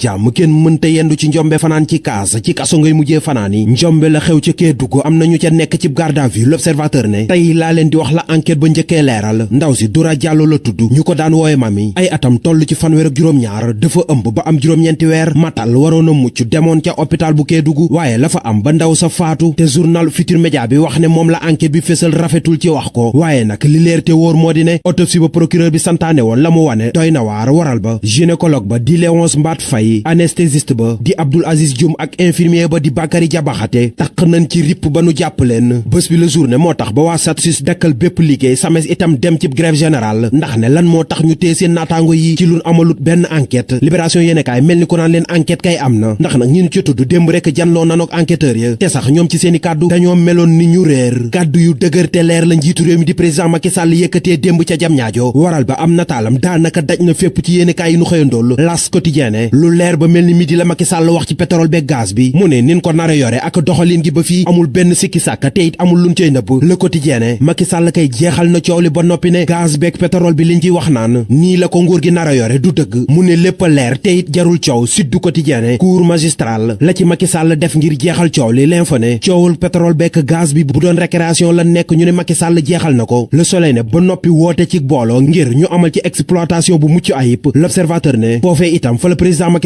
jàmm kenn mënte yendu ci njombe fanaan ci kaas ci kaso ngay mujjee fanaan yi njombe la xew ca Kédougou am na ñu ca nekk ci garde à vue l'observateur ne tey laa leen di wax la enquête ba njëkkee leeral ndaw si Dura Diallo la tudd ñu ko daan wooye mami ay atam toll ci fanweer ak juróom-ñaar dafa ëmb ba am juróom-ñeenti weer matal waroon a mucc demoon ca hôpital bu Kédougou waaye la fa am ba ndaw sa faatu te journal Futur Média bi wax ne moom la enquête bi fésal rafetul ci wax ko waaye nag li leer te moo di ne autopsie ba procureur bi santaane woon la mu wane doy na waar waral ba gynécologue ba di Léonce Mbaat Faye yi anesthésiste ba di Abdul Aziz Jum, ak infirmier ba di bakari Diabaxate tak nañ ci rip ba nu japp len bëss bi le journée moo tax ba wa SATSUS dakkal SAMES itam dem ci grève générale ndax ne lan motax ñu téye seen yi ci luñ amalut ben enquête libération yéene kaay mel ko nan len enquête kay amna ndax nak ñi ñu ci tuddu dem rek enquêteur ya té sax ñom ci seeni kàddu dañoo meloon ni ñu rër kaddu yu dëgër te leer la réew mi di président Macky Sall yëkëté ci jam ñaajo waral ba talam da naka daj na yene ci yéene kaay yi nu las quotidien lu leer ba mel ni midi la Macky Sall wax ci pétrole beeg gaz bi mu ne nin ko nara yore ak doxalin gi ba fii amul benn sikki sàkk te it amul luñ cay nëbb le quotidien ne Macky Sall kay jeexal na coow li ba noppi ne gaz beeg pétrole bi liñ ciy wax naan nii la ko nguur gi nara yore du dëgg mu ne lépp a leer te it jarul coow sud du quotidien ne cour la ci Macky Sall def ngir jeexal coow li l'info ne coowul pétrole beeg gaz bi bu doon récréation la nekk ñu ne Macky Sall jeexal na ko le soleil ne ba noppi woote ci booloo ngir ñu amal ci exploitation bu mucc ayib l'observateur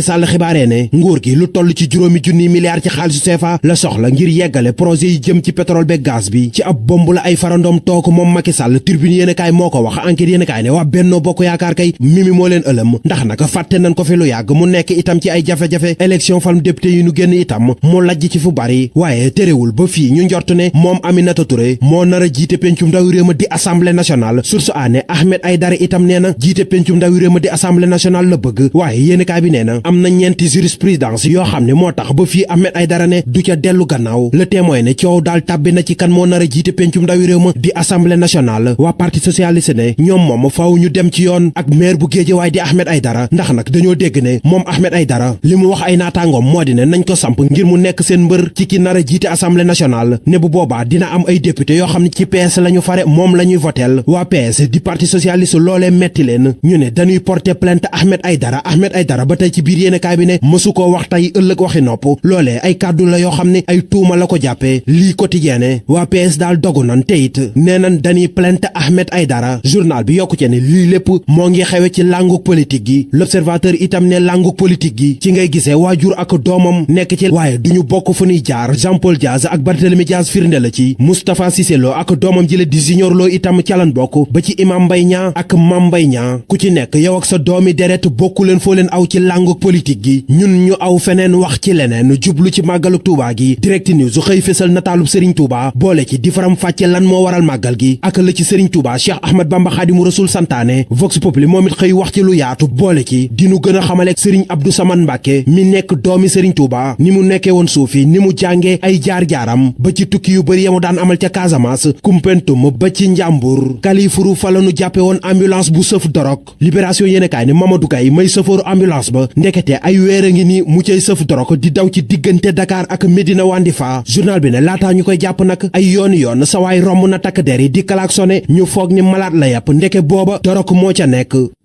Sall xibaare ne nguur gi lu toll ci juróomi junni milliard ci xaalisu CFA la soxla ngir yeggale projet yi jëm ci pétrole beeg gaz bi ci ab bomb la ay farandom toog moom Macky Sall turbine yéen kaay moo ko wax enquête yéen kaay ne waa Benno Bokk Yaakaar kay mimi moo leen ëlëm ndax naka fàtte nañ ko fi lu yàgg mu nekk itam ci ay jafe-jafe élection falm député yi nu génn itam mu lajj ci fu bari waaye terewul ba fii ñu njort ne moom Aminata Touré moo nar a jiite pencum ndawi réew di assemblée nationale source a ne Ahmed Aïdara itam nee na jiite pencum ndawi réew di assemblée nationale la bëgg waaye yéen kaay bi nee na am na ñeenti jurisprudence yoo xam ne moo tax ba fii Ahmed Aidara ne du ca dellu gannaaw le témoin ne coow daal tàbbi na ci kan moo nar a jiite pencum ndawi réew ma di assemblée nationale waa parti socialiste ne ñoom moom faaw ñu dem ci yoon ak maire bu Guédiawaye di Ahmed Aidara ndax nag dañoo dégg ne moom Ahmed Aidara li mu wax ay naataangoom moo di ne nañ ko samp ngir mu nekk seen mbër ci ki nar a jiite assemblée nationale ne bu boobaa dina am yoo xam ne ci PS lañu fare moom lañuy voteel waa di parti socialiste loolee metti leen ñu ne dañuy porter plainte Ahmed Aidara Ahmed Aidara ba tey ci biir yéenekaay bi ne mësu koo wax tey ëllëg waxi nopp loolee ay kàddu la yoo xam ne ay tuuma la ko jàppee lii quotidien ne waa PS daal dogu nan te it nee nan dañuy plainte Ahmed dara journal bi yokk ci ne lii lépp moo ngi xewee ci làngug politique gi l'observateur itam ne làngug politique gi ci ngay gisee waajur ak doomam nekk ci waaye duñu bokk fu nuy jaar Jean Paul Diaz ak Barthélemy Diaz firnde la ci Moustapha Cissé Lo ak doomam ji di junior loo itam calan bokk ba ci Imam Mbaye Niang ak Mame Mbaye Niang ku ci nekk yow ak sa doomi deret bokku leen foo leen aw ci làngug politique gi ñun ñu aw feneen wax ci leneen jublu ci màggalu Tuuba gi Direct News xëy fésal nataalub Serigne Touba boole ci di faram fàcce lan moo waral màggal gi ak la ci Serigne Touba Cheikh Ahmad Bamba Xaadimu Rasul santaane Vox Populi moom it xëy wax ci lu yaatu boole ci dinu gën a xamale Serigne Abdou Samane Mbàkke mi nekk doomi Serigne Touba ni mu nekkee woon suufi ni mu jànge ay jaar-jaaram ba ci tukki yu bëri yamu daan amal ca Casamance Kumpentum ba ci Njàmbur Kalifuru fa lanu jàppe woon ambulance bu sëf dorog Libération yéenekaay ne Mamadou Gaye may ndekete ay weer a ngi ni mu cay sëf dorog di daw ci diggante dakaar ak Médina Wandifa journal bi ne laataa ñu koy jàpp nag ay yoon yoon sawaay romb na takk der yi di klaxonné ñu foog ni malaat la yàpp ndeke booba dorog moo ca nekk